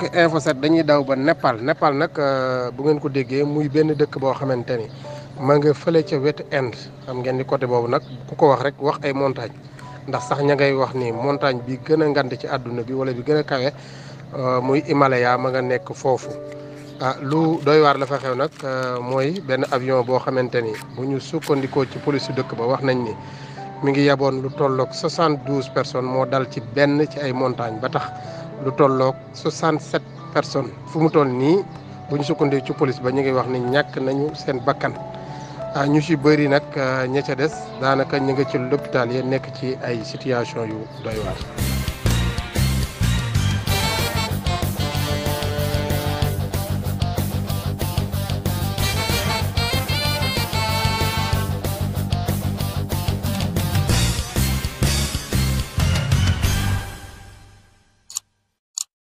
mbokk info 7 dañuy daw ba Népal Népal nag euh, bu ngeen ko déggee muy benn dëkk boo xamante ni ma nga fële ca wetu Inde xam ngeen di côté boobu nag ku ko wax rek wax ay montagne ndax sax ña ngay wax ni montagne bi gën a ngand ci àdduna bi wala bi gën a kawe euh, muy Himalaya ma nga nekk foofu. ah lu doy waar la fa xew nag euh, mooy benn avion boo xamante ni bu ñu sukkandikoo ci police dëkk ba wax nañ ni mu ngi yaboon lu tolloog 72 personnes moo dal ci benn ci ay montagne ba tax. lu tolloog 67 personnes fu mu toll nii bu ñu sukkandee ci police ba ñu ngi wax ni ñàkk nañu seen bakkan ah, ñu ci bëri nag ah, ña ca des daanaka ñu nga ci l'hôpital yi nekk ci ay situation yu doy waar.